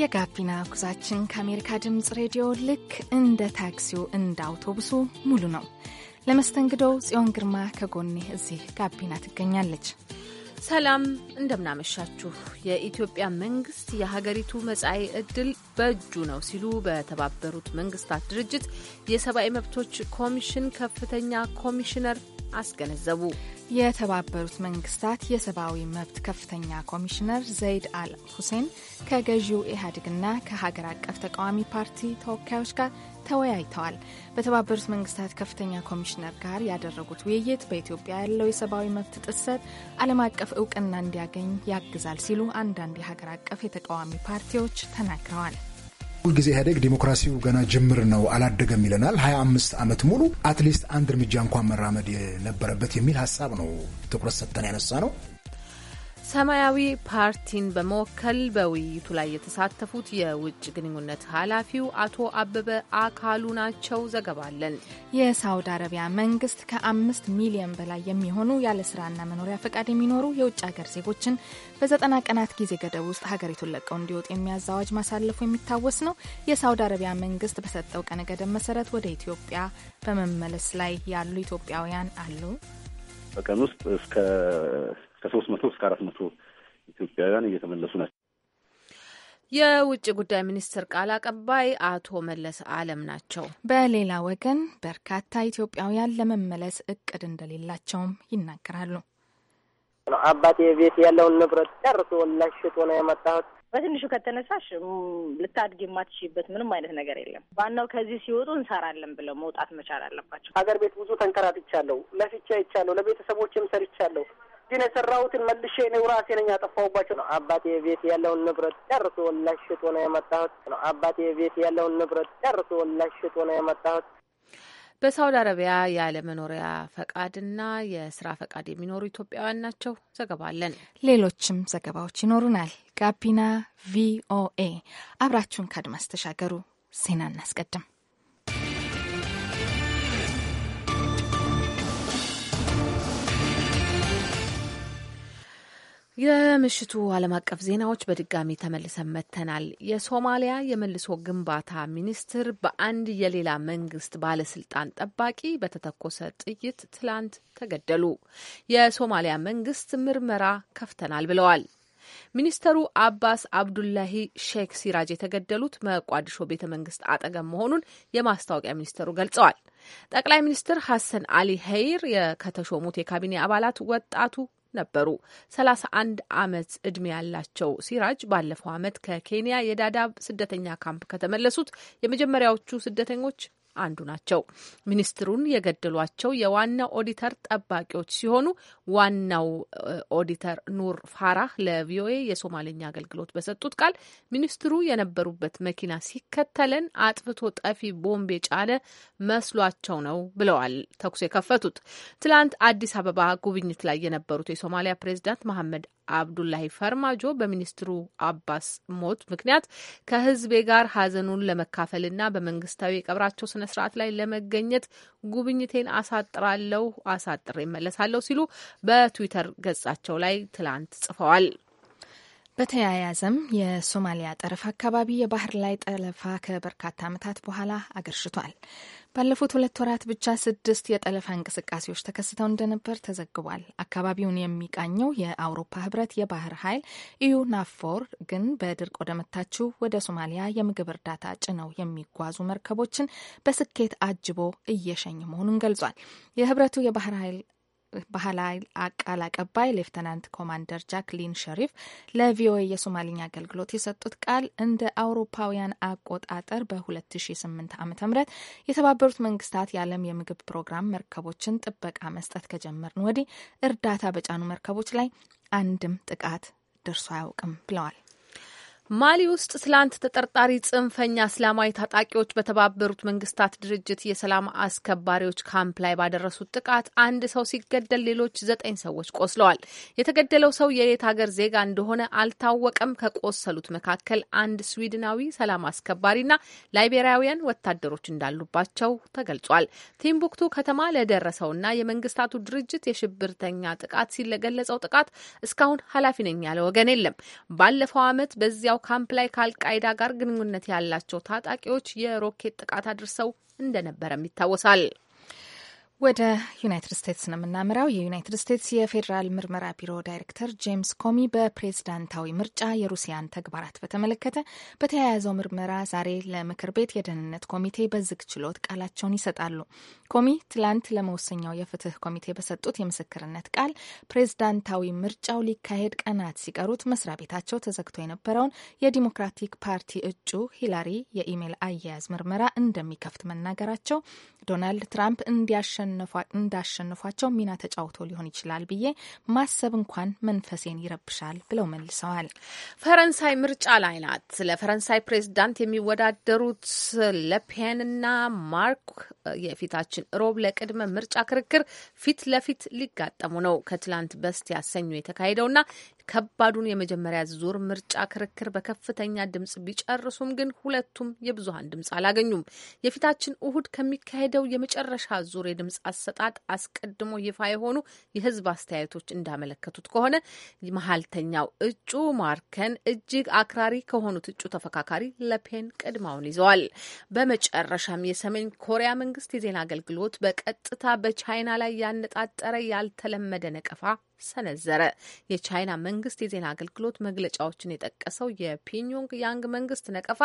የጋቢና ጉዛችን ከአሜሪካ ድምፅ ሬዲዮ ልክ እንደ ታክሲው እንደ አውቶቡሱ ሙሉ ነው። ለመስተንግዶው ጽዮን ግርማ ከጎኔ እዚህ ጋቢና ትገኛለች። ሰላም እንደምናመሻችሁ። የኢትዮጵያ መንግስት የሀገሪቱ መጻኢ እድል በእጁ ነው ሲሉ በተባበሩት መንግስታት ድርጅት የሰብአዊ መብቶች ኮሚሽን ከፍተኛ ኮሚሽነር አስገነዘቡ። የተባበሩት መንግስታት የሰብአዊ መብት ከፍተኛ ኮሚሽነር ዘይድ አል ሁሴን ከገዢው ኢህአዴግና ከሀገር አቀፍ ተቃዋሚ ፓርቲ ተወካዮች ጋር ተወያይተዋል። በተባበሩት መንግስታት ከፍተኛ ኮሚሽነር ጋር ያደረጉት ውይይት በኢትዮጵያ ያለው የሰብአዊ መብት ጥሰት ዓለም አቀፍ እውቅና እንዲያገኝ ያግዛል ሲሉ አንዳንድ የሀገር አቀፍ የተቃዋሚ ፓርቲዎች ተናግረዋል። ሁልጊዜ ኢህአዴግ ዲሞክራሲው ገና ጅምር ነው አላደገም ይለናል። ሀያ አምስት ዓመት ሙሉ አትሊስት አንድ እርምጃ እንኳን መራመድ የነበረበት የሚል ሀሳብ ነው ትኩረት ሰጥተን ያነሳ ነው። ሰማያዊ ፓርቲን በመወከል በውይይቱ ላይ የተሳተፉት የውጭ ግንኙነት ኃላፊው አቶ አበበ አካሉ ናቸው። ዘገባለን የሳውዲ አረቢያ መንግስት ከአምስት ሚሊዮን በላይ የሚሆኑ ያለ ስራና መኖሪያ ፈቃድ የሚኖሩ የውጭ ሀገር ዜጎችን በዘጠና ቀናት ጊዜ ገደብ ውስጥ ሀገሪቱን ለቀው እንዲወጡ የሚያዝ አዋጅ ማሳለፉ የሚታወስ ነው። የሳውዲ አረቢያ መንግስት በሰጠው ቀነ ገደብ መሰረት ወደ ኢትዮጵያ በመመለስ ላይ ያሉ ኢትዮጵያውያን አሉ በቀን ውስጥ እስከ ከሶስት መቶ እስከ አራት መቶ ኢትዮጵያውያን እየተመለሱ ናቸው። የውጭ ጉዳይ ሚኒስትር ቃል አቀባይ አቶ መለስ አለም ናቸው። በሌላ ወገን በርካታ ኢትዮጵያውያን ለመመለስ እቅድ እንደሌላቸውም ይናገራሉ። አባቴ ቤት ያለውን ንብረት ጨርሶ ላሽቶ ነው የመጣሁት። በትንሹ ከተነሳሽ ልታድግ የማትችይበት ምንም አይነት ነገር የለም። ዋናው ከዚህ ሲወጡ እንሰራለን ብለው መውጣት መቻል አለባቸው። ሀገር ቤት ብዙ ተንከራትቻለሁ፣ ለፍቻ አይቻለሁ፣ ለቤተሰቦችም ሰርቻለሁ። ግን የሰራሁትን መልሼ እኔው ራሴ ነኝ ያጠፋሁባቸው ነው። አባቴ ቤት ያለውን ንብረት ጨርሶ ወላሂ ነው የመጣሁት ነው። አባቴ ቤት ያለውን ንብረት ጨርሶ ወላሂ ነው የመጣሁት። በሳውዲ አረቢያ ያለ መኖሪያ ፈቃድና የስራ ፈቃድ የሚኖሩ ኢትዮጵያውያን ናቸው። ዘገባ አለን። ሌሎችም ዘገባዎች ይኖሩናል። ጋቢና ቪኦኤ አብራችሁን ከአድማስ ተሻገሩ። ዜና እናስቀድም። የምሽቱ ዓለም አቀፍ ዜናዎች በድጋሚ ተመልሰን መጥተናል። የሶማሊያ የመልሶ ግንባታ ሚኒስትር በአንድ የሌላ መንግስት ባለስልጣን ጠባቂ በተተኮሰ ጥይት ትላንት ተገደሉ። የሶማሊያ መንግስት ምርመራ ከፍተናል ብለዋል። ሚኒስተሩ አባስ አብዱላሂ ሼክ ሲራጅ የተገደሉት መቋዲሾ ቤተ መንግስት አጠገብ መሆኑን የማስታወቂያ ሚኒስተሩ ገልጸዋል። ጠቅላይ ሚኒስትር ሐሰን አሊ ሄይር ከተሾሙት የካቢኔ አባላት ወጣቱ ነበሩ። 31 ዓመት ዕድሜ ያላቸው ሲራጅ ባለፈው ዓመት ከኬንያ የዳዳብ ስደተኛ ካምፕ ከተመለሱት የመጀመሪያዎቹ ስደተኞች አንዱ ናቸው። ሚኒስትሩን የገደሏቸው የዋናው ኦዲተር ጠባቂዎች ሲሆኑ ዋናው ኦዲተር ኑር ፋራህ ለቪኦኤ የሶማሌኛ አገልግሎት በሰጡት ቃል ሚኒስትሩ የነበሩበት መኪና ሲከተለን አጥፍቶ ጠፊ ቦምብ የጫነ መስሏቸው ነው ብለዋል። ተኩስ የከፈቱት ትላንት አዲስ አበባ ጉብኝት ላይ የነበሩት የሶማሊያ ፕሬዚዳንት መሐመድ አብዱላሂ ፈርማጆ በሚኒስትሩ አባስ ሞት ምክንያት ከህዝቤ ጋር ሀዘኑን ለመካፈልና በመንግስታዊ የቀብራቸው ስነ ስርዓት ላይ ለመገኘት ጉብኝቴን አሳጥራለሁ አሳጥሬ እመለሳለሁ ሲሉ በትዊተር ገጻቸው ላይ ትላንት ጽፈዋል። በተያያዘም የሶማሊያ ጠረፍ አካባቢ የባህር ላይ ጠለፋ ከበርካታ ዓመታት በኋላ አገርሽቷል። ባለፉት ሁለት ወራት ብቻ ስድስት የጠለፋ እንቅስቃሴዎች ተከስተው እንደነበር ተዘግቧል። አካባቢውን የሚቃኘው የአውሮፓ ህብረት የባህር ኃይል ኢዩ ናፎር ግን በድርቅ ወደመታችው ወደ ሶማሊያ የምግብ እርዳታ ጭነው የሚጓዙ መርከቦችን በስኬት አጅቦ እየሸኘ መሆኑን ገልጿል። የህብረቱ የባህር ኃይል ባህላዊ ቃል አቀባይ ሌፍተናንት ኮማንደር ጃክሊን ሸሪፍ ለቪኦኤ የሶማሊኛ አገልግሎት የሰጡት ቃል እንደ አውሮፓውያን አቆጣጠር በ2008 ዓ ም የተባበሩት መንግስታት የዓለም የምግብ ፕሮግራም መርከቦችን ጥበቃ መስጠት ከጀመርን ወዲህ እርዳታ በጫኑ መርከቦች ላይ አንድም ጥቃት ደርሶ አያውቅም ብለዋል። ማሊ ውስጥ ትላንት ተጠርጣሪ ጽንፈኛ እስላማዊ ታጣቂዎች በተባበሩት መንግስታት ድርጅት የሰላም አስከባሪዎች ካምፕ ላይ ባደረሱት ጥቃት አንድ ሰው ሲገደል ሌሎች ዘጠኝ ሰዎች ቆስለዋል። የተገደለው ሰው የየት ሀገር ዜጋ እንደሆነ አልታወቀም። ከቆሰሉት መካከል አንድ ስዊድናዊ ሰላም አስከባሪና ላይቤሪያውያን ወታደሮች እንዳሉባቸው ተገልጿል። ቲምቡክቱ ከተማ ለደረሰውና የመንግስታቱ ድርጅት የሽብርተኛ ጥቃት ሲለገለጸው ጥቃት እስካሁን ኃላፊ ነኝ ያለ ወገን የለም። ባለፈው ዓመት በዚያው በዛው ካምፕ ላይ ከአልቃይዳ ጋር ግንኙነት ያላቸው ታጣቂዎች የሮኬት ጥቃት አድርሰው እንደነበረም ይታወሳል። ወደ ዩናይትድ ስቴትስ ነው የምናምራው። የዩናይትድ ስቴትስ የፌዴራል ምርመራ ቢሮ ዳይሬክተር ጄምስ ኮሚ በፕሬዝዳንታዊ ምርጫ የሩሲያን ተግባራት በተመለከተ በተያያዘው ምርመራ ዛሬ ለምክር ቤት የደህንነት ኮሚቴ በዝግ ችሎት ቃላቸውን ይሰጣሉ። ኮሚ ትላንት ለመወሰኛው የፍትህ ኮሚቴ በሰጡት የምስክርነት ቃል ፕሬዝዳንታዊ ምርጫው ሊካሄድ ቀናት ሲቀሩት መስሪያ ቤታቸው ተዘግቶ የነበረውን የዲሞክራቲክ ፓርቲ እጩ ሂላሪ የኢሜይል አያያዝ ምርመራ እንደሚከፍት መናገራቸው ዶናልድ ትራምፕ እንዲያሸ እንዳሸንፏቸው ሚና ተጫውቶ ሊሆን ይችላል ብዬ ማሰብ እንኳን መንፈሴን ይረብሻል ብለው መልሰዋል። ፈረንሳይ ምርጫ ላይ ናት። ለፈረንሳይ ፕሬዚዳንት የሚወዳደሩት ለፔንና ማርክ የፊታችን ሮብ ለቅድመ ምርጫ ክርክር ፊት ለፊት ሊጋጠሙ ነው። ከትላንት በስቲያ ሰኞ የተካሄደውና ከባዱን የመጀመሪያ ዙር ምርጫ ክርክር በከፍተኛ ድምጽ ቢጨርሱም ግን ሁለቱም የብዙሀን ድምጽ አላገኙም። የፊታችን እሁድ ከሚካሄደው የመጨረሻ ዙር የድምጽ አሰጣጥ አስቀድሞ ይፋ የሆኑ የህዝብ አስተያየቶች እንዳመለከቱት ከሆነ መሀልተኛው እጩ ማርከን እጅግ አክራሪ ከሆኑት እጩ ተፈካካሪ ለፔን ቅድማውን ይዘዋል። በመጨረሻም የሰሜን ኮሪያ መንግስት የዜና አገልግሎት በቀጥታ በቻይና ላይ ያነጣጠረ ያልተለመደ ነቀፋ ሰነዘረ። የቻይና መንግስት የዜና አገልግሎት መግለጫዎችን የጠቀሰው የፒንዮንግ ያንግ መንግስት ነቀፋ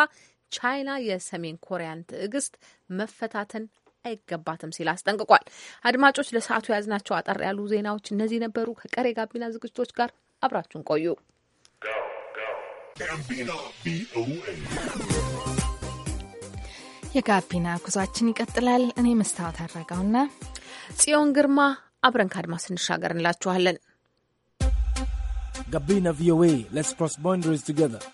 ቻይና የሰሜን ኮሪያን ትዕግስት መፈታትን አይገባትም ሲል አስጠንቅቋል። አድማጮች ለሰዓቱ የያዝናቸው አጠር ያሉ ዜናዎች እነዚህ ነበሩ። ከቀሪ ጋቢና ዝግጅቶች ጋር አብራችሁን ቆዩ። የጋቢና ጉዟችን ይቀጥላል። እኔ መስታወት አድረጋውና ጽዮን ግርማ አብረን ከአድማስ እንሻገር እንላችኋለን። ጋቢና ቪኦኤ ሌትስ ክሮስ ቦንደሪስ ቱጌዘር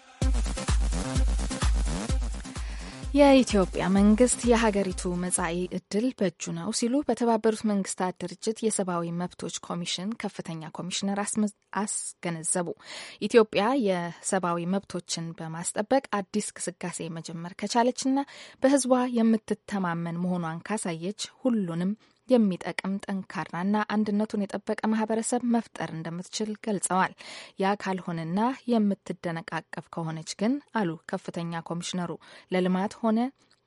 የኢትዮጵያ መንግስት የሀገሪቱ መጻኢ እድል በእጁ ነው ሲሉ በተባበሩት መንግስታት ድርጅት የሰብአዊ መብቶች ኮሚሽን ከፍተኛ ኮሚሽነር አስገነዘቡ። ኢትዮጵያ የሰብአዊ መብቶችን በማስጠበቅ አዲስ ግስጋሴ መጀመር ከቻለችና በህዝቧ የምትተማመን መሆኗን ካሳየች ሁሉንም የሚጠቅም ጠንካራና አንድነቱን የጠበቀ ማህበረሰብ መፍጠር እንደምትችል ገልጸዋል። ያ ካልሆነና የምትደነቃቀፍ ከሆነች ግን አሉ ከፍተኛ ኮሚሽነሩ ለልማት ሆነ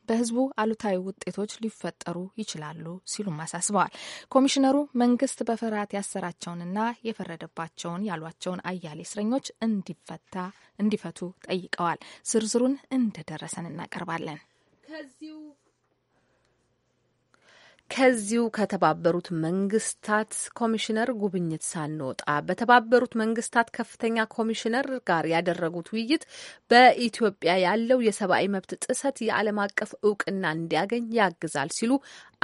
በህዝቡ አሉታዊ ውጤቶች ሊፈጠሩ ይችላሉ ሲሉም አሳስበዋል። ኮሚሽነሩ መንግስት በፍርሃት ያሰራቸውንና የፈረደባቸውን ያሏቸውን አያሌ እስረኞች እንዲፈታ እንዲፈቱ ጠይቀዋል። ዝርዝሩን እንደደረሰን እናቀርባለን። ከዚሁ ከተባበሩት መንግስታት ኮሚሽነር ጉብኝት ሳንወጣ በተባበሩት መንግስታት ከፍተኛ ኮሚሽነር ጋር ያደረጉት ውይይት በኢትዮጵያ ያለው የሰብአዊ መብት ጥሰት የዓለም አቀፍ እውቅና እንዲያገኝ ያግዛል ሲሉ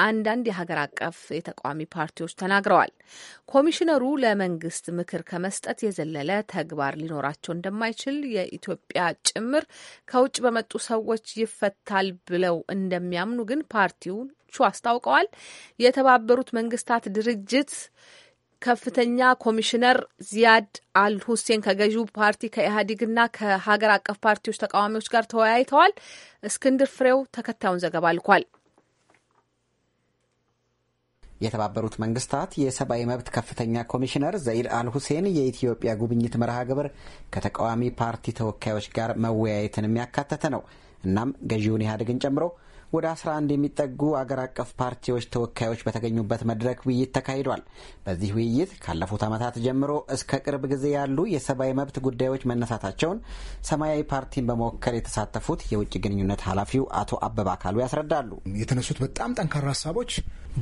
አንዳንድ የሀገር አቀፍ የተቃዋሚ ፓርቲዎች ተናግረዋል። ኮሚሽነሩ ለመንግስት ምክር ከመስጠት የዘለለ ተግባር ሊኖራቸው እንደማይችል የኢትዮጵያ ጭምር ከውጭ በመጡ ሰዎች ይፈታል ብለው እንደሚያምኑ ግን ፓርቲዎቹ አስታውቀዋል። የተባበሩት መንግስታት ድርጅት ከፍተኛ ኮሚሽነር ዚያድ አል ሁሴን ከገዢው ፓርቲ ከኢህአዴግና ከሀገር አቀፍ ፓርቲዎች ተቃዋሚዎች ጋር ተወያይተዋል። እስክንድር ፍሬው ተከታዩን ዘገባ ልኳል። የተባበሩት መንግስታት የሰብአዊ መብት ከፍተኛ ኮሚሽነር ዘይድ አልሁሴን የኢትዮጵያ ጉብኝት መርሃ ግብር ከተቃዋሚ ፓርቲ ተወካዮች ጋር መወያየትን የሚያካተተ ነው። እናም ገዢውን ኢህአዴግን ጨምሮ ወደ 11 የሚጠጉ አገር አቀፍ ፓርቲዎች ተወካዮች በተገኙበት መድረክ ውይይት ተካሂዷል። በዚህ ውይይት ካለፉት ዓመታት ጀምሮ እስከ ቅርብ ጊዜ ያሉ የሰብአዊ መብት ጉዳዮች መነሳታቸውን ሰማያዊ ፓርቲን በመወከል የተሳተፉት የውጭ ግንኙነት ኃላፊው አቶ አበባ አካሉ ያስረዳሉ። የተነሱት በጣም ጠንካራ ሀሳቦች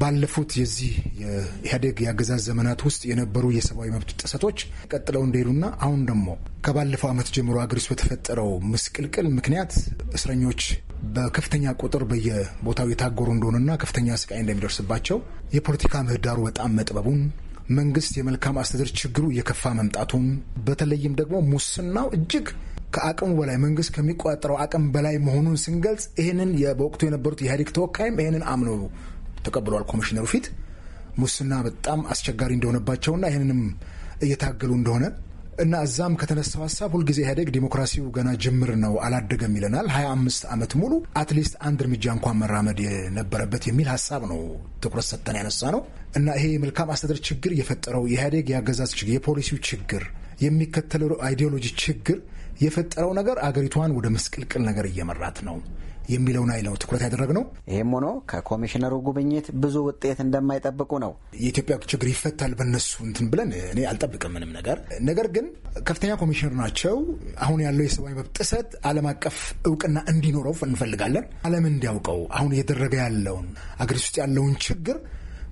ባለፉት የዚህ የኢህአዴግ የአገዛዝ ዘመናት ውስጥ የነበሩ የሰብአዊ መብት ጥሰቶች ቀጥለው እንደሄዱና አሁን ደግሞ ከባለፈው ዓመት ጀምሮ አገሪቱ በተፈጠረው ምስቅልቅል ምክንያት እስረኞች በከፍተኛ ቁጥር በየቦታው የታጎሩ እንደሆኑና ከፍተኛ ስቃይ እንደሚደርስባቸው የፖለቲካ ምህዳሩ በጣም መጥበቡን መንግስት የመልካም አስተዳደር ችግሩ እየከፋ መምጣቱን በተለይም ደግሞ ሙስናው እጅግ ከአቅሙ በላይ መንግስት ከሚቆጣጠረው አቅም በላይ መሆኑን ስንገልጽ ይህንን በወቅቱ የነበሩት የኢህአዴግ ተወካይም ይህንን አምኖ ተቀብሏል። ኮሚሽነሩ ፊት ሙስና በጣም አስቸጋሪ እንደሆነባቸውና ይህንንም እየታገሉ እንደሆነ እና እዛም ከተነሳው ሀሳብ ሁልጊዜ ኢህአዴግ ዲሞክራሲው ገና ጅምር ነው አላደገም ይለናል። ሀያ አምስት ዓመት ሙሉ አትሊስት አንድ እርምጃ እንኳን መራመድ የነበረበት የሚል ሀሳብ ነው ትኩረት ሰጥተን ያነሳ ነው እና ይሄ የመልካም አስተዳደር ችግር የፈጠረው የኢህአዴግ የአገዛዝ ችግር፣ የፖሊሲው ችግር፣ የሚከተለው አይዲዮሎጂ ችግር የፈጠረው ነገር አገሪቷን ወደ ምስቅልቅል ነገር እየመራት ነው የሚለውን አይል ነው ትኩረት ያደረግነው። ይህም ሆኖ ከኮሚሽነሩ ጉብኝት ብዙ ውጤት እንደማይጠብቁ ነው። የኢትዮጵያ ችግር ይፈታል በነሱ እንትን ብለን እኔ አልጠብቅም ምንም ነገር። ነገር ግን ከፍተኛ ኮሚሽነር ናቸው። አሁን ያለው የሰብአዊ መብት ጥሰት ዓለም አቀፍ እውቅና እንዲኖረው እንፈልጋለን። ዓለም እንዲያውቀው አሁን እየተደረገ ያለውን አገሪቱ ውስጥ ያለውን ችግር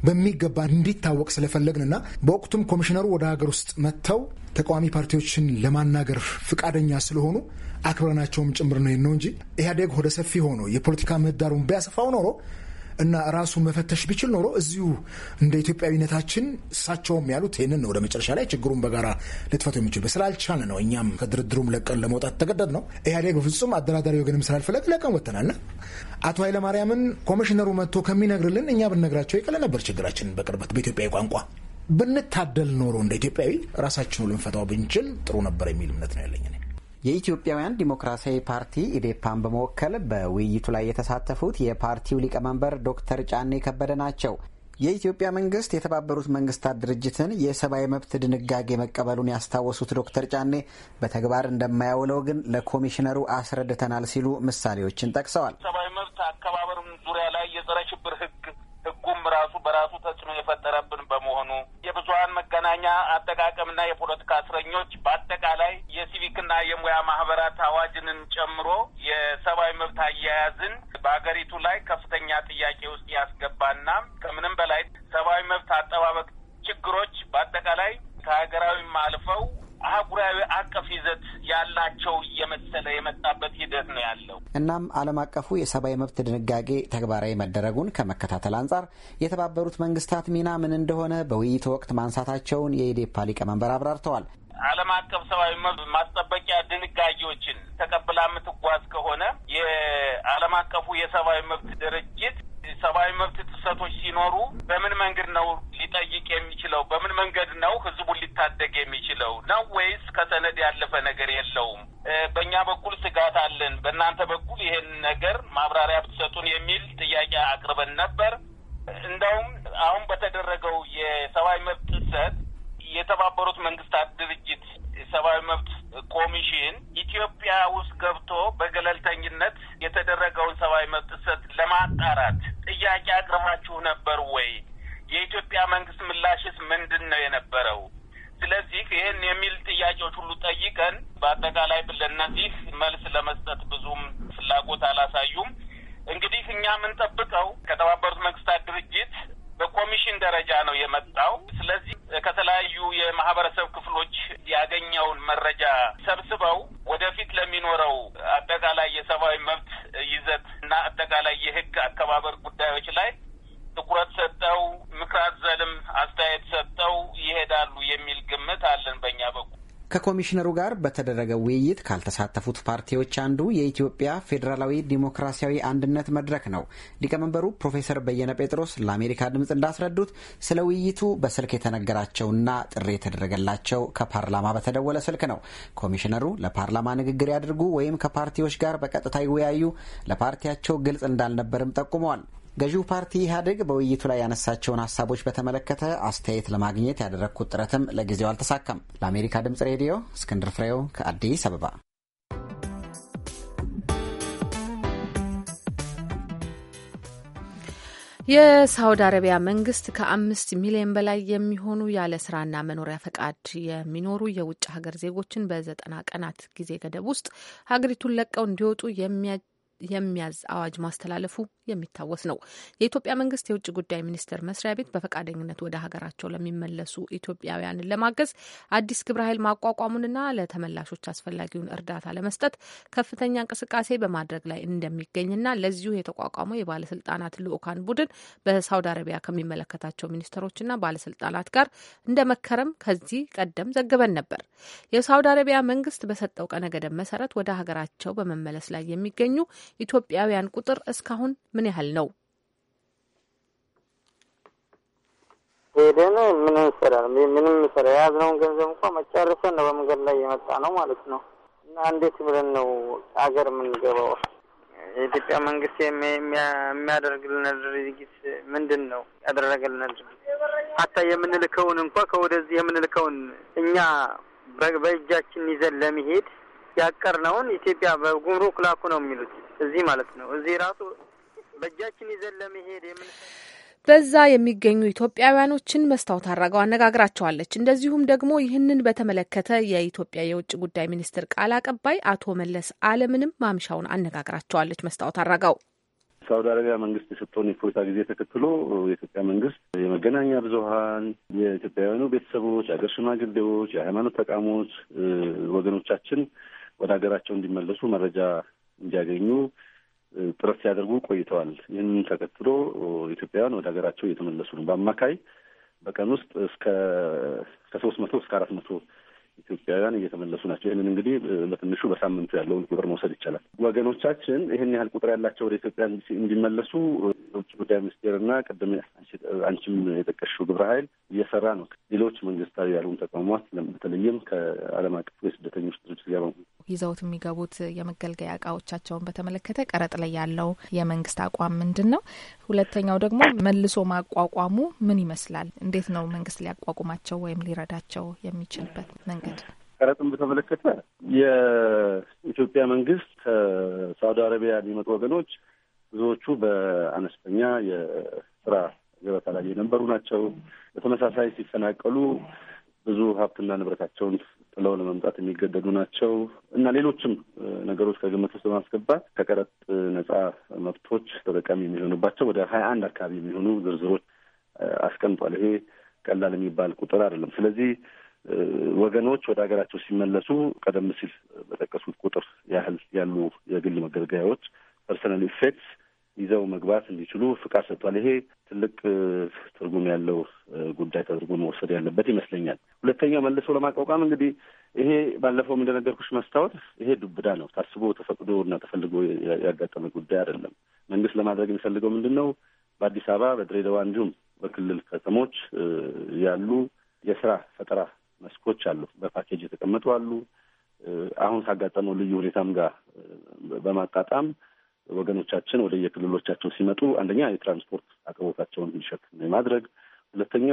በሚገባ እንዲታወቅ ስለፈለግንና በወቅቱም ኮሚሽነሩ ወደ ሀገር ውስጥ መጥተው ተቃዋሚ ፓርቲዎችን ለማናገር ፍቃደኛ ስለሆኑ አክብረናቸውም ጭምር ነው ነው እንጂ ኢህአዴግ ወደ ሰፊ ሆኖ የፖለቲካ ምህዳሩን ቢያሰፋው ኖሮ እና ራሱ መፈተሽ ቢችል ኖሮ እዚሁ እንደ ኢትዮጵያዊነታችን እሳቸውም ያሉት ይህንን ነው። ወደ መጨረሻ ላይ ችግሩን በጋራ ልትፈቱ የሚችል ስላልቻለ ነው እኛም ከድርድሩም ለቀን ለመውጣት ተገደድ ነው። ኢህአዴግ በፍጹም አደራዳሪ ወገንም ስላልፈለግ ለቀን ወጥተናል። አቶ ኃይለማርያምን ኮሚሽነሩ መጥቶ ከሚነግርልን እኛ ብንነግራቸው ይቀለ ነበር ችግራችን በቅርበት በኢትዮጵያዊ ቋንቋ ብንታደል ኖሮ እንደ ኢትዮጵያዊ ራሳችን ልንፈታው ብንችል ጥሩ ነበር የሚል እምነት ነው ያለኝ። የኢትዮጵያውያን ዲሞክራሲያዊ ፓርቲ ኢዴፓን በመወከል በውይይቱ ላይ የተሳተፉት የፓርቲው ሊቀመንበር ዶክተር ጫኔ ከበደ ናቸው። የኢትዮጵያ መንግስት የተባበሩት መንግስታት ድርጅትን የሰብአዊ መብት ድንጋጌ መቀበሉን ያስታወሱት ዶክተር ጫኔ በተግባር እንደማያውለው ግን ለኮሚሽነሩ አስረድተናል ሲሉ ምሳሌዎችን ጠቅሰዋል። ሰብአዊ መብት አከባበር ዙሪያ ላይ የጸረ ሽብር ህግ ራሱ በራሱ ተጽዕኖ የፈጠረብን በመሆኑ የብዙሀን መገናኛ አጠቃቀምና የፖለቲካ እስረኞች በአጠቃላይ የሲቪክና የሙያ ማህበራት አዋጅንን ጨምሮ የሰብአዊ መብት አያያዝን በሀገሪቱ ላይ ከፍተኛ ጥያቄ ውስጥ ያስገባና ከምንም በላይ ሰብአዊ መብት አጠባበቅ ችግሮች በአጠቃላይ ከሀገራዊም አልፈው አህጉራዊ አቀፍ ይዘት ያላቸው እየመሰለ የመጣበት ሂደት ነው ያለው። እናም ዓለም አቀፉ የሰብአዊ መብት ድንጋጌ ተግባራዊ መደረጉን ከመከታተል አንጻር የተባበሩት መንግስታት ሚና ምን እንደሆነ በውይይቱ ወቅት ማንሳታቸውን የኢዴፓ ሊቀመንበር አብራርተዋል። ዓለም አቀፍ ሰብአዊ መብት ማስጠበቂያ ድንጋጌዎችን ተቀብላ የምትጓዝ ከሆነ የዓለም አቀፉ የሰብአዊ መብት ድርጅት ሰብአዊ መብት ጥሰቶች ሲኖሩ በምን መንገድ ነው ሊጠይቅ የሚችለው? በምን መንገድ ነው ህዝቡን ሊታደግ የሚችለው ነው? ወይስ ከሰነድ ያለፈ ነገር የለውም? በእኛ በኩል ስጋት አለን፣ በእናንተ በኩል ይሄን ነገር ማብራሪያ ብትሰጡን የሚል ጥያቄ አቅርበን ነበር። እንደውም አሁን በተደረገው የሰብአዊ መብት ጥሰት የተባበሩት መንግስታት ድርጅት የሰብአዊ መብት ኮሚሽን ኢትዮጵያ ውስጥ ገብቶ በገለልተኝነት የተደረገውን ሰብአዊ መብት ጥሰት ለማጣራት ጥያቄ አቅርባችሁ ነበር ወይ? የኢትዮጵያ መንግስት ምላሽስ ምንድን ነው የነበረው? ስለዚህ ይህን የሚል ጥያቄዎች ሁሉ ጠይቀን በአጠቃላይ ለእነዚህ መልስ ለመስጠት ብዙም ፍላጎት አላሳዩም። እንግዲህ እኛ የምንጠብቀው ከተባበሩት መንግስታት ድርጅት በኮሚሽን ደረጃ ነው የመጣው። ስለዚህ ከተለያዩ የማህበረሰብ ክፍሎች ያገኘውን መረጃ ሰብስበው ወደፊት ለሚኖረው አጠቃላይ የሰብአዊ መብት ይዘት እና አጠቃላይ የህግ አከባበር ጉዳዮች ላይ ትኩረት ሰጠው ምክር አዘልም አስተያየት ሰጠው ይሄዳሉ የሚል ግምት አለን በእኛ በኩል። ከኮሚሽነሩ ጋር በተደረገ ውይይት ካልተሳተፉት ፓርቲዎች አንዱ የኢትዮጵያ ፌዴራላዊ ዲሞክራሲያዊ አንድነት መድረክ ነው። ሊቀመንበሩ ፕሮፌሰር በየነ ጴጥሮስ ለአሜሪካ ድምፅ እንዳስረዱት ስለ ውይይቱ በስልክ የተነገራቸውና ጥሪ የተደረገላቸው ከፓርላማ በተደወለ ስልክ ነው። ኮሚሽነሩ ለፓርላማ ንግግር ያድርጉ ወይም ከፓርቲዎች ጋር በቀጥታ ይወያዩ ለፓርቲያቸው ግልጽ እንዳልነበርም ጠቁመዋል። ገዢው ፓርቲ ኢህአዴግ በውይይቱ ላይ ያነሳቸውን ሀሳቦች በተመለከተ አስተያየት ለማግኘት ያደረግኩት ጥረትም ለጊዜው አልተሳካም። ለአሜሪካ ድምጽ ሬዲዮ እስክንድር ፍሬው ከአዲስ አበባ። የሳውዲ አረቢያ መንግስት ከአምስት ሚሊዮን በላይ የሚሆኑ ያለ ስራና መኖሪያ ፈቃድ የሚኖሩ የውጭ ሀገር ዜጎችን በዘጠና ቀናት ጊዜ ገደብ ውስጥ ሀገሪቱን ለቀው እንዲወጡ የሚያ የሚያዝ አዋጅ ማስተላለፉ የሚታወስ ነው። የኢትዮጵያ መንግስት የውጭ ጉዳይ ሚኒስቴር መስሪያ ቤት በፈቃደኝነት ወደ ሀገራቸው ለሚመለሱ ኢትዮጵያውያንን ለማገዝ አዲስ ግብረ ኃይል ማቋቋሙንና ለተመላሾች አስፈላጊውን እርዳታ ለመስጠት ከፍተኛ እንቅስቃሴ በማድረግ ላይ እንደሚገኝና ለዚሁ የተቋቋመው የባለስልጣናት ልዑካን ቡድን በሳውዲ አረቢያ ከሚመለከታቸው ሚኒስትሮችና ባለስልጣናት ጋር እንደመከረም ከዚህ ቀደም ዘግበን ነበር። የሳውዲ አረቢያ መንግስት በሰጠው ቀነ ገደብ መሰረት ወደ ሀገራቸው በመመለስ ላይ የሚገኙ ኢትዮጵያውያን ቁጥር እስካሁን ምን ያህል ነው? ሄደን ምን ይሰራል? ምንም ይሰራ የያዝነውን ገንዘብ እንኳ መጨረሰን ነው። በመንገድ ላይ የመጣ ነው ማለት ነው። እና እንዴት ብለን ነው ሀገር የምንገባው? የኢትዮጵያ መንግስት የሚያደርግልን ድርጅት ምንድን ነው? ያደረገልን ድርጅት? ሀታ የምንልከውን እንኳ ከወደዚህ የምንልከውን እኛ በእጃችን ይዘን ለመሄድ ያቀርነውን ኢትዮጵያ በጉምሩክ ላኩ ነው የሚሉት እዚህ ማለት ነው። እዚህ ራሱ በእጃችን ይዘን ለመሄድ የምን በዛ የሚገኙ ኢትዮጵያውያኖችን መስታወት አድራገው አነጋግራቸዋለች። እንደዚሁም ደግሞ ይህንን በተመለከተ የኢትዮጵያ የውጭ ጉዳይ ሚኒስትር ቃል አቀባይ አቶ መለስ አለምንም ማምሻውን አነጋግራቸዋለች። መስታወት አድራጋው ሳውዲ አረቢያ መንግስት የሰጠውን የፖለታ ጊዜ ተከትሎ የኢትዮጵያ መንግስት የመገናኛ ብዙኃን፣ የኢትዮጵያውያኑ ቤተሰቦች፣ የሀገር ሽማግሌዎች፣ የሃይማኖት ተቋሞች ወገኖቻችን ወደ ሀገራቸው እንዲመለሱ መረጃ እንዲያገኙ ጥረት ሲያደርጉ ቆይተዋል። ይህንን ተከትሎ ኢትዮጵያውያን ወደ ሀገራቸው እየተመለሱ ነው። በአማካይ በቀን ውስጥ እስከ ከሶስት መቶ እስከ አራት መቶ ኢትዮጵያውያን እየተመለሱ ናቸው። ይህንን እንግዲህ በትንሹ በሳምንቱ ያለውን ቁጥር መውሰድ ይቻላል። ወገኖቻችን ይህን ያህል ቁጥር ያላቸው ወደ ኢትዮጵያ እንዲመለሱ የውጭ ጉዳይ ሚኒስቴርና ቅድም አንቺም የጠቀሽው ግብረ ኃይል እየሰራ ነው። ሌሎች መንግስታዊ ያልሆኑ ተቋማት በተለይም ከዓለም አቀፉ የስደተኞች ድርጅት ጋር ይዘውት የሚገቡት የመገልገያ እቃዎቻቸውን በተመለከተ ቀረጥ ላይ ያለው የመንግስት አቋም ምንድን ነው? ሁለተኛው ደግሞ መልሶ ማቋቋሙ ምን ይመስላል? እንዴት ነው መንግስት ሊያቋቁማቸው ወይም ሊረዳቸው የሚችልበት መንገድ? ቀረጥን በተመለከተ የኢትዮጵያ መንግስት ከሳውዲ አረቢያ የሚመጡ ወገኖች ብዙዎቹ በአነስተኛ የስራ ገበታ ላይ የነበሩ ናቸው። በተመሳሳይ ሲፈናቀሉ ብዙ ሀብትና ንብረታቸውን ጥለው ለመምጣት የሚገደዱ ናቸው እና ሌሎችም ነገሮች ከግምት ውስጥ በማስገባት ከቀረጥ ነጻ መብቶች ተጠቃሚ የሚሆኑባቸው ወደ ሀያ አንድ አካባቢ የሚሆኑ ዝርዝሮች አስቀምጧል። ይሄ ቀላል የሚባል ቁጥር አይደለም። ስለዚህ ወገኖች ወደ ሀገራቸው ሲመለሱ ቀደም ሲል በጠቀሱት ቁጥር ያህል ያሉ የግል መገልገያዎች ፐርሰናል ኢፌክትስ ይዘው መግባት እንዲችሉ ፍቃድ ሰጥቷል። ይሄ ትልቅ ትርጉም ያለው ጉዳይ ተደርጎ መወሰድ ያለበት ይመስለኛል። ሁለተኛው መልሶ ለማቋቋም እንግዲህ ይሄ ባለፈውም እንደነገርኩሽ መስታወት ይሄ ዱብዳ ነው። ታስቦ ተፈቅዶ እና ተፈልጎ ያጋጠመ ጉዳይ አይደለም። መንግስት ለማድረግ የሚፈልገው ምንድን ነው? በአዲስ አበባ በድሬዳዋ እንዲሁም በክልል ከተሞች ያሉ የስራ ፈጠራ መስኮች አሉ። በፓኬጅ የተቀመጡ አሉ። አሁን ካጋጠመው ልዩ ሁኔታም ጋር በማጣጣም ወገኖቻችን ወደ የክልሎቻቸው ሲመጡ አንደኛ የትራንስፖርት አቅርቦታቸውን እንዲሸክም የማድረግ ሁለተኛ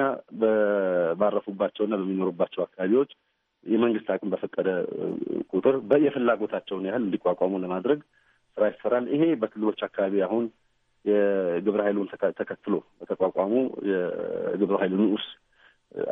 ባረፉባቸውና በሚኖሩባቸው አካባቢዎች የመንግስት አቅም በፈቀደ ቁጥር የፍላጎታቸውን ያህል እንዲቋቋሙ ለማድረግ ስራ ይሰራል። ይሄ በክልሎች አካባቢ አሁን የግብረ ኃይሉን ተከትሎ በተቋቋሙ የግብረ ኃይሉ ንዑስ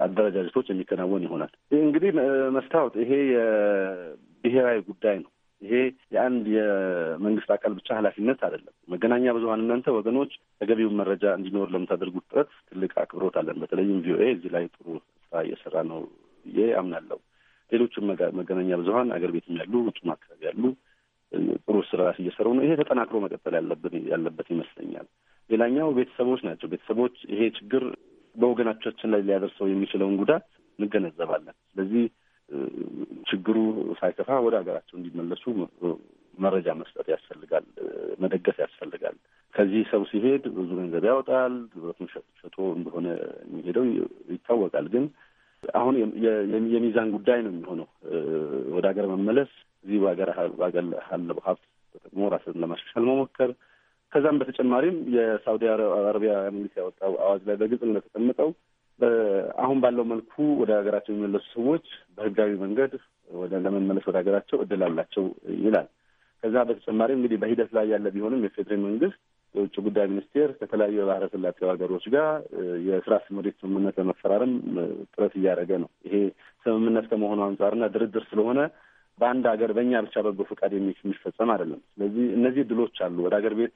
አደረጃጀቶች የሚከናወን ይሆናል። እንግዲህ መስታወት ይሄ የብሔራዊ ጉዳይ ነው። ይሄ የአንድ የመንግስት አካል ብቻ ኃላፊነት አይደለም። መገናኛ ብዙሀን እናንተ ወገኖች ተገቢውን መረጃ እንዲኖር ለምታደርጉት ጥረት ትልቅ አክብሮት አለን። በተለይም ቪኦኤ እዚህ ላይ ጥሩ ስራ እየሰራ ነው ብዬ አምናለሁ። ሌሎችም መገናኛ ብዙሀን አገር ቤትም ያሉ ውጭም አካባቢ ያሉ ጥሩ ስራ እየሰሩ ነው። ይሄ ተጠናክሮ መቀጠል ያለበት ይመስለኛል። ሌላኛው ቤተሰቦች ናቸው። ቤተሰቦች ይሄ ችግር በወገናቻችን ላይ ሊያደርሰው የሚችለውን ጉዳት እንገነዘባለን። ስለዚህ ችግሩ ሳይከፋ ወደ ሀገራቸው እንዲመለሱ መረጃ መስጠት ያስፈልጋል፣ መደገፍ ያስፈልጋል። ከዚህ ሰው ሲሄድ ብዙ ገንዘብ ያወጣል። ንብረቱን ሸጦ እንደሆነ የሚሄደው ይታወቃል። ግን አሁን የሚዛን ጉዳይ ነው የሚሆነው። ወደ ሀገር መመለስ፣ እዚህ በሀገር ያለው ሀብት ተጠቅሞ ራስን ለማሻሻል መሞከር፣ ከዛም በተጨማሪም የሳውዲ አረቢያ መንግስት ያወጣው አዋጅ ላይ በግልጽ እንደተቀመጠው አሁን ባለው መልኩ ወደ ሀገራቸው የሚመለሱ ሰዎች በህጋዊ መንገድ ወደ ለመመለስ ወደ ሀገራቸው እድል አላቸው ይላል። ከዛ በተጨማሪ እንግዲህ በሂደት ላይ ያለ ቢሆንም የፌዴራል መንግስት የውጭ ጉዳይ ሚኒስቴር ከተለያዩ የባህረ ሰላጤው ሀገሮች ጋር የስራ ስምሪት ስምምነት ለመፈራረም ጥረት እያደረገ ነው። ይሄ ስምምነት ከመሆኑ አንጻርና ድርድር ስለሆነ በአንድ ሀገር በእኛ ብቻ በጎ ፈቃድ የሚፈጸም አይደለም። ስለዚህ እነዚህ ድሎች አሉ። ወደ ሀገር ቤት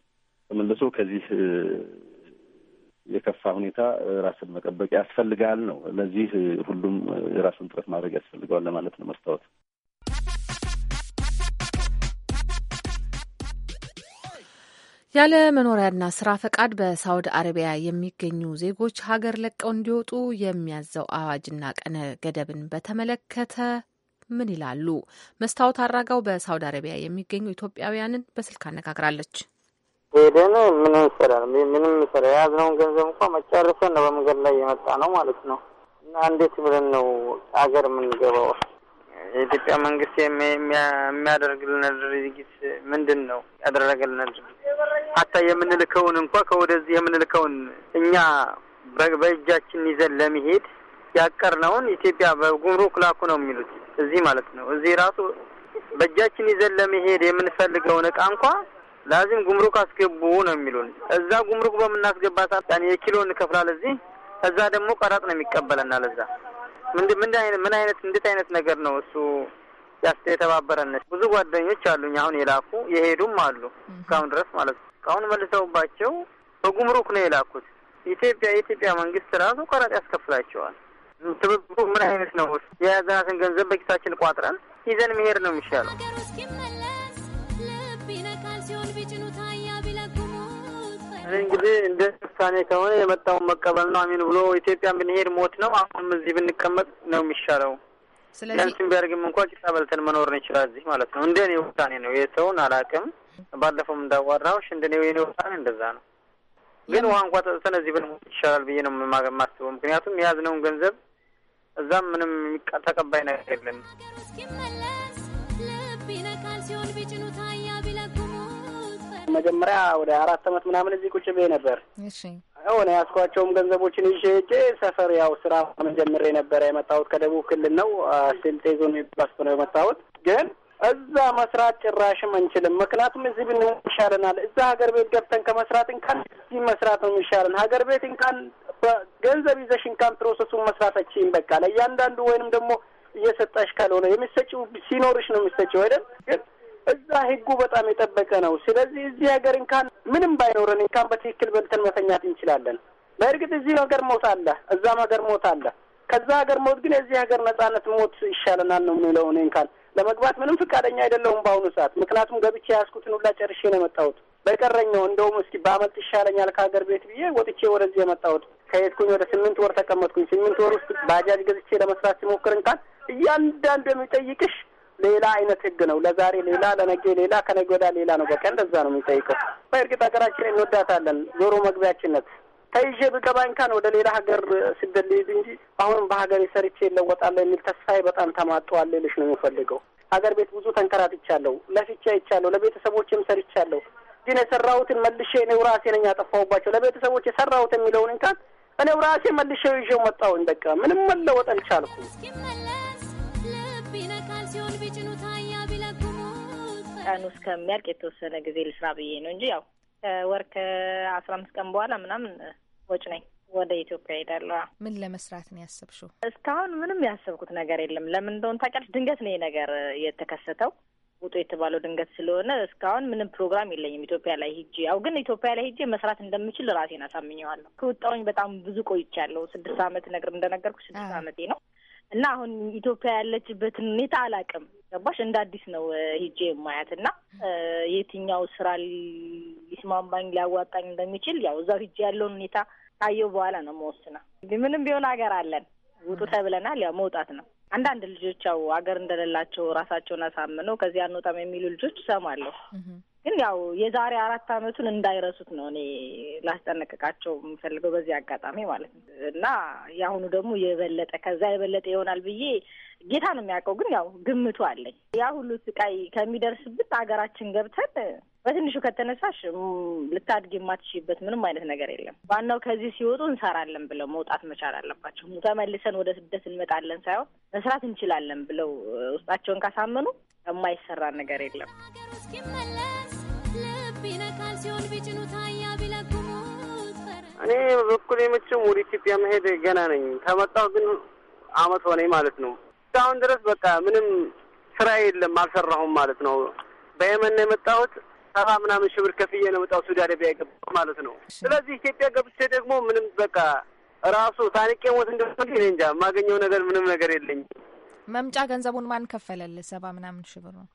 ተመልሶ ከዚህ የከፋ ሁኔታ ራስን መጠበቅ ያስፈልጋል ነው። ለዚህ ሁሉም የራሱን ጥረት ማድረግ ያስፈልገዋል ለማለት ነው። መስታወት ያለ መኖሪያና ስራ ፈቃድ በሳውዲ አረቢያ የሚገኙ ዜጎች ሀገር ለቀው እንዲወጡ የሚያዘው አዋጅና ቀነ ገደብን በተመለከተ ምን ይላሉ? መስታወት አራጋው በሳውዲ አረቢያ የሚገኙ ኢትዮጵያውያንን በስልክ አነጋግራለች። ሄደን ምን ይሰራል? ምንም ይሰራ የያዝነውን ገንዘብ እንኳ መጨረሰን ነው በመንገድ ላይ የመጣ ነው ማለት ነው። እና እንዴት ብለን ነው ሀገር የምንገባው? የኢትዮጵያ መንግስት የሚያደርግልን ድርጊት ምንድን ነው ያደረገልን ድርጊት? ሀታ የምንልከውን እንኳ ከወደዚህ የምንልከውን እኛ በእጃችን ይዘን ለመሄድ ያቀርነውን ኢትዮጵያ በጉምሩክ ላኩ ነው የሚሉት እዚህ ማለት ነው። እዚህ ራሱ በእጃችን ይዘን ለመሄድ የምንፈልገውን እቃ እንኳ ላዚም ጉምሩክ አስገቡ ነው የሚሉን። እዛ ጉምሩክ በምናስገባ ሰዓት የኪሎ እንከፍላል እዚህ እዛ ደግሞ ቀረጥ ነው የሚቀበለና እዛ ምን አይነት ምን አይነት እንዴት አይነት ነገር ነው እሱ ያስ ብዙ ጓደኞች አሉኝ አሁን የላኩ የሄዱም አሉ እስካሁን ድረስ ማለት ነው። እስካሁን መልሰውባቸው በጉምሩክ ነው የላኩት። ኢትዮጵያ የኢትዮጵያ መንግስት ራሱ ቀረጥ ያስከፍላቸዋል። ትብብሩ ምን አይነት ነው? የያዘናትን ገንዘብ በኪሳችን ቋጥረን ይዘን መሄድ ነው የሚሻለው። እንግዲህ እንደ ውሳኔ ከሆነ የመጣውን መቀበል ነው። አሚን ብሎ ኢትዮጵያን ብንሄድ ሞት ነው። አሁንም እዚህ ብንቀመጥ ነው የሚሻለው። ለምስም ቢያደርግም እንኳ ቂጣ በልተን መኖር እንችላለን እዚህ ማለት ነው። እንደኔ ውሳኔ ነው። የሰውን አላውቅም። ባለፈውም እንዳዋራሁሽ እንደኔ የኔ ውሳኔ እንደዛ ነው። ግን ውሃ እንኳ ጠጥተን እዚህ ብንሞት ይሻላል ብዬ ነው የማስበው። ምክንያቱም የያዝነውን ገንዘብ እዛም ምንም ተቀባይ ነገር የለም። መጀመሪያ ወደ አራት አመት ምናምን እዚህ ቁጭ ብዬ ነበር። ሆነ ያስኳቸውም ገንዘቦችን ይዤ ሄጄ ሰፈር ያው ስራ መጀመሬ ነበረ። የመጣሁት ከደቡብ ክልል ነው፣ ስልጤ ዞን የሚባል ነው የመጣሁት ግን እዛ መስራት ጭራሽም አንችልም። ምክንያቱም እዚህ ብን ይሻለናል። እዛ ሀገር ቤት ገብተን ከመስራት እንኳን እዚህ መስራት ነው የሚሻለን። ሀገር ቤት እንኳን በገንዘብ ይዘሽ እንኳን ፕሮሰሱን መስራት አችይም። በቃ ለእያንዳንዱ ወይንም ደግሞ እየሰጠሽ ካልሆነ የሚሰጭው ሲኖርሽ ነው የሚሰጭው አይደል ግን እዛ ህጉ በጣም የጠበቀ ነው። ስለዚህ እዚህ ሀገር እንኳን ምንም ባይኖረን እንኳን በትክክል በልተን መተኛት እንችላለን። በእርግጥ እዚህ ሀገር ሞት አለ፣ እዛም ሀገር ሞት አለ። ከዛ ሀገር ሞት ግን የዚህ ሀገር ነጻነት ሞት ይሻለናል ነው የምንለው። እኔ እንኳን ለመግባት ምንም ፈቃደኛ አይደለሁም በአሁኑ ሰዓት። ምክንያቱም ገብቼ ያዝኩትን ሁላ ጨርሼ ነው የመጣሁት። በቀረኛው እንደውም እስኪ በአመልጥ ይሻለኛል ከሀገር ቤት ብዬ ወጥቼ ወደዚህ የመጣሁት። ከየትኩኝ ወደ ስምንት ወር ተቀመጥኩኝ። ስምንት ወር ውስጥ ባጃጅ ገዝቼ ለመስራት ሲሞክር እንኳን እያንዳንዱ የሚጠይቅሽ ሌላ አይነት ህግ ነው። ለዛሬ ሌላ፣ ለነገ ሌላ፣ ከነገ ወዲያ ሌላ ነው። በቃ እንደዛ ነው የሚጠይቀው። በእርግጥ ሀገራችን እንወዳታለን። ዞሮ መግቢያችን ነት ተይዤ ብገባ እንኳን ወደ ሌላ ሀገር ስደት ልሂድ እንጂ አሁንም በሀገሬ ሰርቼ ይለወጣለሁ የሚል ተስፋዬ በጣም ተማጧል። ሌሎች ነው የሚፈልገው ሀገር ቤት ብዙ ተንከራትቻለሁ፣ ለፍቼ አይቻለሁ፣ ለቤተሰቦችም ሰርቻለሁ። ግን የሰራሁትን መልሼ እኔው ራሴ ነኝ ያጠፋሁባቸው። ለቤተሰቦች የሰራሁት የሚለውን እንኳን እኔው ራሴ መልሼው ይዤው መጣሁኝ። በቃ ምንም መለወጥ አልቻልኩም። ቀኑ እስከሚያልቅ የተወሰነ ጊዜ ልስራ ብዬ ነው እንጂ ያው ወር ከአስራ አምስት ቀን በኋላ ምናምን ወጭ ነኝ ወደ ኢትዮጵያ ሄዳለሁ። ምን ለመስራት ነው ያሰብሽው? እስካሁን ምንም ያሰብኩት ነገር የለም። ለምን እንደሆነ ታውቂያለሽ? ድንገት ነው ነገር የተከሰተው ውጡ የተባለው ድንገት ስለሆነ እስካሁን ምንም ፕሮግራም የለኝም። ኢትዮጵያ ላይ ሂጄ ያው ግን ኢትዮጵያ ላይ ሂጄ መስራት እንደምችል ራሴን አሳምኘዋለሁ። ከወጣሁኝ በጣም ብዙ ቆይቻለሁ። ስድስት አመት ነገር እንደነገርኩ ስድስት አመቴ ነው። እና አሁን ኢትዮጵያ ያለችበትን ሁኔታ አላውቅም። ገባሽ? እንደ አዲስ ነው ሂጄ የማያት እና የትኛው ስራ ሊስማማኝ ሊያዋጣኝ እንደሚችል ያው እዛው ሂጄ ያለውን ሁኔታ ካየው በኋላ ነው መወስና። ምንም ቢሆን ሀገር አለን፣ ውጡ ተብለናል፣ ያው መውጣት ነው። አንዳንድ ልጆች ያው ሀገር እንደሌላቸው ራሳቸውን አሳምነው ከዚህ አንወጣም የሚሉ ልጆች እሰማለሁ። ግን ያው የዛሬ አራት አመቱን እንዳይረሱት ነው እኔ ላስጠነቀቃቸው የምፈልገው በዚህ አጋጣሚ ማለት ነው። እና የአሁኑ ደግሞ የበለጠ ከዛ የበለጠ ይሆናል ብዬ ጌታ ነው የሚያውቀው፣ ግን ያው ግምቱ አለኝ። ያ ሁሉ ስቃይ ከሚደርስብት ሀገራችን ገብተን በትንሹ ከተነሳሽ ልታድግ የማትችይበት ምንም አይነት ነገር የለም። ዋናው ከዚህ ሲወጡ እንሰራለን ብለው መውጣት መቻል አለባቸው። ተመልሰን ወደ ስደት እንመጣለን ሳይሆን መስራት እንችላለን ብለው ውስጣቸውን ካሳመኑ የማይሰራ ነገር የለም። እኔ በኩል የምችም ወደ ኢትዮጵያ መሄድ ገና ነኝ። ከመጣሁ ግን አመት ሆነኝ ማለት ነው። እስካሁን ድረስ በቃ ምንም ስራ የለም አልሰራሁም ማለት ነው። በየመን ነው የመጣሁት። ሰባ ምናምን ሺህ ብር ከፍዬ ነው የመጣሁት ሱዲ አረቢያ የገባሁ ማለት ነው። ስለዚህ ኢትዮጵያ ገብቼ ደግሞ ምንም በቃ ራሱ ታንቄ ሞት እንደሆነ እንጃ የማገኘው ነገር ምንም ነገር የለኝም። መምጫ ገንዘቡን ማን ከፈለልህ? ሰባ ምናምን ሺህ ብር ነው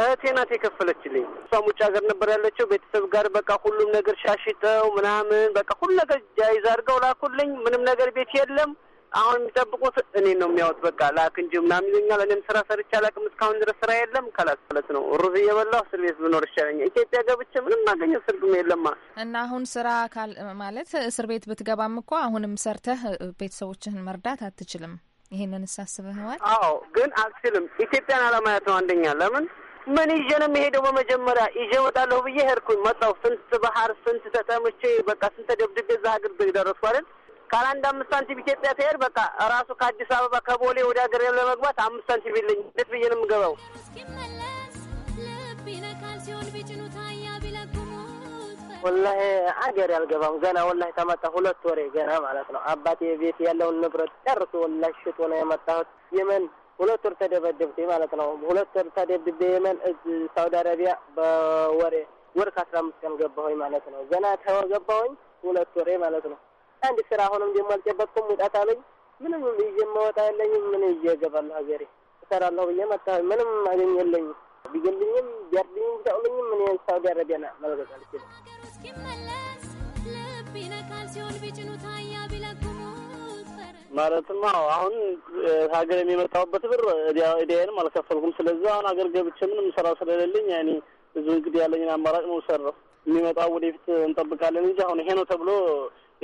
እህቴ ናት የከፈለችልኝ። እሷም ውጭ ሀገር ነበር ያለችው ቤተሰብ ጋር በቃ ሁሉም ነገር ሻሽጠው ምናምን በቃ ሁሉ ነገር ጃይዝ አድርገው ላኩልኝ። ምንም ነገር ቤት የለም። አሁን የሚጠብቁት እኔ ነው የሚያወጥ በቃ ላክ እንጂ ምናምን ይሉኛል። እኔም ስራ ሰርቼ አላውቅም እስካሁን ድረስ ስራ የለም። ከላስፈለት ነው ሩዝ እየበላሁ እስር ቤት ብኖር ይሻለኛል። ኢትዮጵያ ገብቼ ምንም ማገኘው ስርግም የለማ እና አሁን ስራ ካል ማለት እስር ቤት ብትገባም እኮ አሁንም ሰርተህ ቤተሰቦችህን መርዳት አትችልም። ይሄንን እሳስበህዋል? አዎ፣ ግን አልችልም። ኢትዮጵያን አለማየት ነው አንደኛ። ለምን ምን ይዤ ነው የምሄደው? በመጀመሪያ ይዤ ወጣለሁ ብዬ ሄድኩኝ፣ መጣሁ። ስንት ባህር ስንት ተጠምቼ በቃ ስንት ደብድቤ እዛ ሀገር ደረስኩ አይደል? ካላንድ አምስት ሳንቲም ኢትዮጵያ ትሄድ በቃ እራሱ ከአዲስ አበባ ከቦሌ ወደ ሀገር ለመግባት አምስት ሳንቲም የለኝ። እንዴት ብዬ ነው የምገባው? ልብ ይነካል ሲሆን ቢለጉም ወላሂ አገር አልገባም ገና ወላሂ ተመጣ ሁለት ወሬ ገና ማለት ነው። አባቴ ቤት ያለውን ንብረት ጨርሶ ወላሂ ሽጦ ነው የመጣሁት የመን ሁለት ወር ተደበደብኩ ማለት ነው። ሁለት ወር ተደብድቤ የመን ሳውዲ አረቢያ በወሬ ወር ከአስራ አምስት ቀን ገባሁኝ ማለት ነው። ገና ተገባሁኝ ሁለት ወሬ ማለት ነው። አንድ ስራ አሁንም ደግሞ አልጨበጥኩም። ውጣት አለኝ። ምንም ይዤ መወጣ የለኝም። ምን ይዤ እገባለሁ ሀገሬ? እሰራለሁ ብዬ መጣሁኝ። ምንም አገኝ ቢገልኝም ቢያርድኝም ቢጠቅመኝም እኔ ሳውዲ አረቢያን መልበስ አልችልም። ማለትም አሁን ሀገር የሚመጣውበት ብር እዲያንም አልከፈልኩም። ስለዚህ አሁን ሀገር ገብቼ ምንም ስራ ስለሌለኝ ያኔ ብዙ እንግዲህ ያለኝን አማራጭ መውሰድ ነው። የሚመጣው ወደፊት እንጠብቃለን እንጂ አሁን ይሄ ነው ተብሎ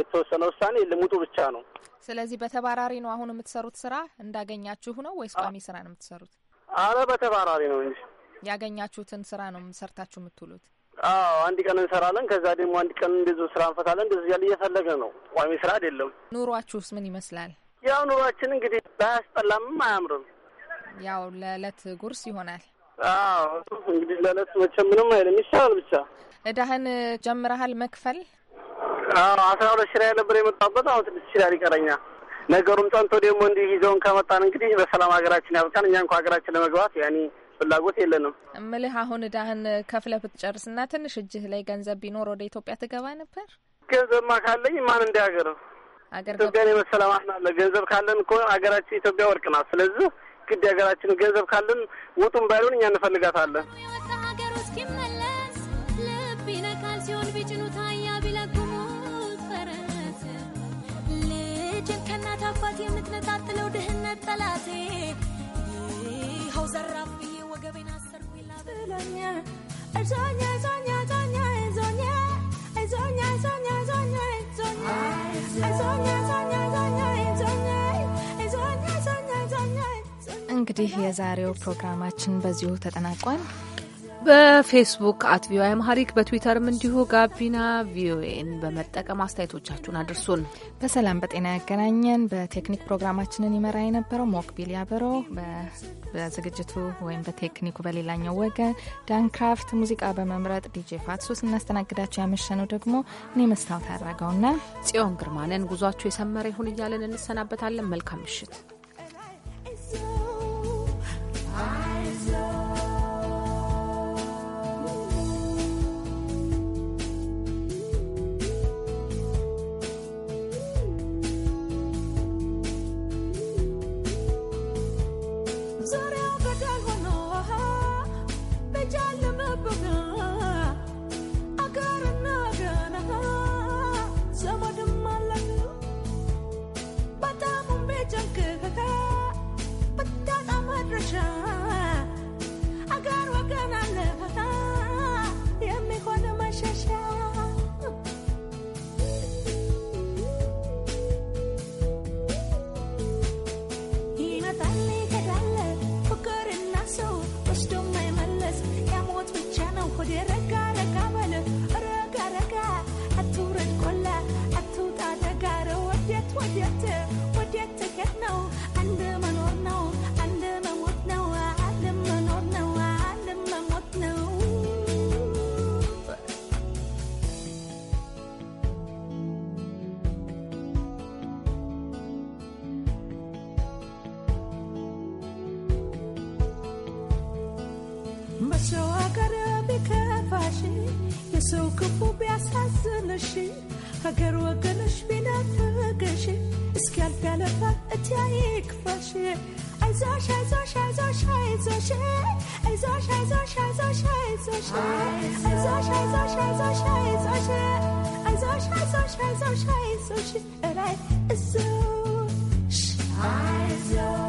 የተወሰነ ውሳኔ ልሙጡ ብቻ ነው። ስለዚህ በተባራሪ ነው አሁን የምትሰሩት ስራ እንዳገኛችሁ ነው ወይስ ቋሚ ስራ ነው የምትሰሩት? አረ በተባራሪ ነው እንጂ ያገኛችሁትን ስራ ነው ሰርታችሁ የምትውሉት? አዎ አንድ ቀን እንሰራለን። ከዛ ደግሞ አንድ ቀን እንደዚ ስራ እንፈታለን። እንደዚ እያለ እየፈለገ ነው። ቋሚ ስራ አይደለም። ኑሯችሁስ ምን ይመስላል? ያው ኑሯችን እንግዲህ ባያስጠላምም አያምርም። ያው ለእለት ጉርስ ይሆናል። አዎ እንግዲህ ለእለት መቼ ምንም አይልም፣ ይሻላል ብቻ። እዳህን ጀምረሃል መክፈል? አዎ አስራ ሁለት ሽራ ነበር የመጣበት አሁን ስድስት ሽራ ይቀረኛል። ነገሩም ጠንቶ ደግሞ እንዲህ ይዘውን ከመጣን እንግዲህ በሰላም ሀገራችን ያብቃን። እኛ እንኳ ሀገራችን ለመግባት ያኔ ፍላጎት የለንም። እምልህ አሁን እዳህን ከፍለህ ብትጨርስና ትንሽ እጅህ ላይ ገንዘብ ቢኖር ወደ ኢትዮጵያ ትገባ ነበር? ገንዘብማ ካለኝ ማን እንደ ሀገር ነው ኢትዮጵያን የመሰለ ማን አለ? ገንዘብ ካለን እኮ ሀገራችን ኢትዮጵያ ወርቅ ናት። ስለዚህ ግድ ሀገራችን ገንዘብ ካለን ውጡም ባይሆን እኛ እንፈልጋታለን። የምትነጣጥለው ድህነት ጠላቴ ይኸው ዘራፍ እንግዲህ የዛሬው ፕሮግራማችን በዚሁ ተጠናቋል። በፌስቡክ አት ቪኦኤ አማሪክ በትዊተርም እንዲሁ ጋቢና ቪኦኤን በመጠቀም አስተያየቶቻችሁን አድርሱን። በሰላም በጤና ያገናኘን። በቴክኒክ ፕሮግራማችንን ይመራ የነበረው ሞክቢል ያበሮ፣ በዝግጅቱ ወይም በቴክኒኩ በሌላኛው ወገን ዳንክራፍት፣ ሙዚቃ በመምረጥ ዲጄ ፋትሱ፣ ስናስተናግዳቸው ያመሸነው ደግሞ እኔ መስታወት ያደረገውና ጽዮን ግርማንን ጉዟችሁ የሰመረ ይሁን እያለን እንሰናበታለን። መልካም ምሽት። ተመለሽ ሀገር ወገነሽ ቢላ ተገሽ እስኪ ያልፍ ያለፋ እትያዬ ክፋሽ አይዞሽ አይዞሽ አይዞሽ አይዞሽ አይዞሽ አይዞሽ አይዞሽ አይዞሽ አይዞሽ አይዞሽ አይዞሽ አይዞሽ አይዞሽ አይዞሽ አይዞሽ አይዞሽ እላይ እዞሽ አይዞሽ